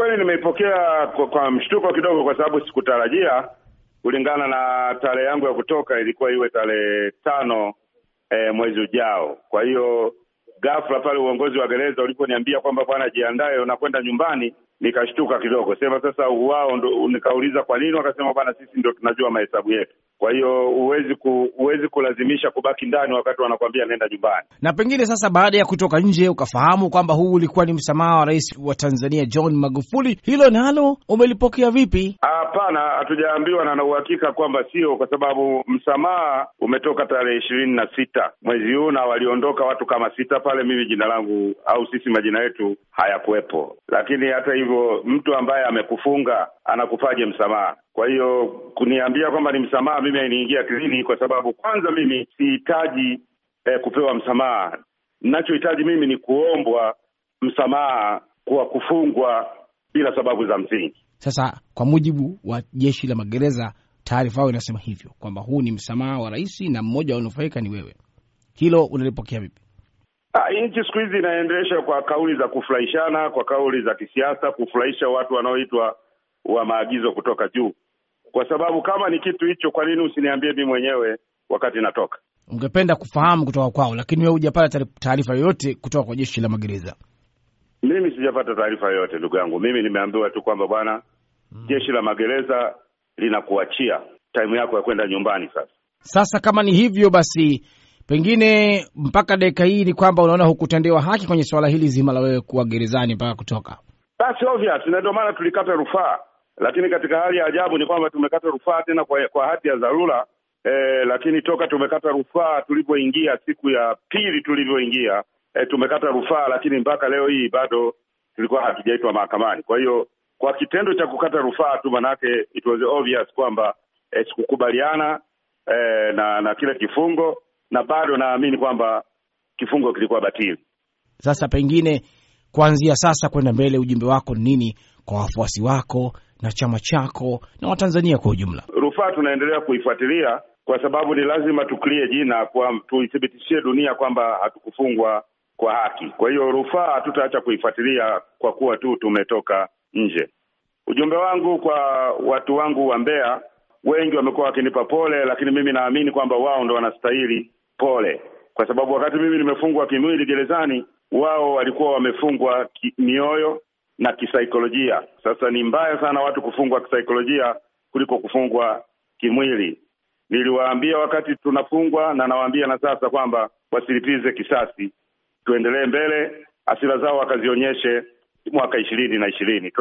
kweli nimeipokea kwa, kwa mshtuko kidogo, kwa sababu sikutarajia. Kulingana na tarehe yangu ya kutoka ilikuwa iwe tarehe tano e, mwezi ujao. Kwa hiyo ghafla pale uongozi wa gereza uliponiambia kwamba bwana, jiandae unakwenda nyumbani, nikashtuka kidogo, sema sasa wao ndo, nikauliza kwa nini, wakasema bwana, sisi ndo tunajua mahesabu yetu. Kwa hiyo huwezi ku, huwezi kulazimisha kubaki ndani wakati wanakuambia nenda nyumbani. Na pengine sasa, baada ya kutoka nje ukafahamu kwamba huu ulikuwa ni msamaha wa rais wa Tanzania John Magufuli, hilo nalo umelipokea vipi? Hapana, hatujaambiwa na na uhakika kwamba sio, kwa sababu msamaha umetoka tarehe ishirini na sita mwezi huu na waliondoka watu kama sita pale. Mimi jina langu au sisi majina yetu hayakuwepo, lakini hata hivyo mtu ambaye amekufunga anakufaje msamaha? Kwa hiyo kuniambia kwamba ni msamaha mimi ainiingia akilini, kwa sababu kwanza mimi sihitaji eh, kupewa msamaha. Nachohitaji mimi ni kuombwa msamaha kwa kufungwa bila sababu za msingi. Sasa kwa mujibu wa jeshi la magereza, taarifa yao inasema hivyo kwamba huu ni msamaha wa rais na mmoja wanufaika ni wewe. Hilo unalipokea vipi? Ah, nchi siku hizi inaendesha kwa kauli za kufurahishana, kwa kauli za kisiasa, kufurahisha watu wanaoitwa wa maagizo kutoka juu. Kwa sababu kama ni kitu hicho, kwa nini usiniambie mi mwenyewe wakati natoka? Ungependa kufahamu kutoka kwao, lakini wewe hujapata taarifa yoyote kutoka kwa jeshi la magereza? Mimi sijapata taarifa yoyote, ndugu yangu. Mimi nimeambiwa tu kwamba bwana, mm. jeshi la magereza linakuachia taimu yako ya kwenda nyumbani. Sasa sasa, kama ni hivyo basi, pengine mpaka dakika hii ni kwamba unaona hukutendewa haki kwenye suala hili zima la wewe kuwa gerezani mpaka kutoka, basi obvious, na ndio maana tulikata rufaa, lakini katika hali ya ajabu ni kwamba tumekata rufaa tena kwa, kwa hati ya dharura eh, lakini toka tumekata rufaa tulivyoingia siku ya pili tulivyoingia eh, tumekata rufaa, lakini mpaka leo hii bado tulikuwa hatujaitwa mahakamani. Kwa hiyo kwa kitendo cha kukata rufaa tu, manake it was obvious kwamba eh, sikukubaliana eh, na na kile kifungo, na bado naamini kwamba kifungo kilikuwa batili. Sasa pengine kuanzia sasa kwenda mbele, ujumbe wako ni nini kwa wafuasi wako na chama chako na Watanzania kwa ujumla? Rufaa tunaendelea kuifuatilia kwa sababu ni lazima tuklie jina kwa tuithibitishie dunia kwamba hatukufungwa kwa haki. Kwa hiyo rufaa hatutaacha kuifuatilia kwa kuwa tu tumetoka nje. Ujumbe wangu kwa watu wangu wa Mbeya, wengi wamekuwa wakinipa pole, lakini mimi naamini kwamba wao ndo wanastahili pole, kwa sababu wakati mimi nimefungwa kimwili gerezani, wao walikuwa wamefungwa mioyo na kisaikolojia. Sasa ni mbaya sana watu kufungwa kisaikolojia kuliko kufungwa kimwili. Niliwaambia wakati tunafungwa na nawaambia na sasa kwamba wasilipize kisasi, tuendelee mbele, hasira zao wakazionyeshe mwaka ishirini na ishirini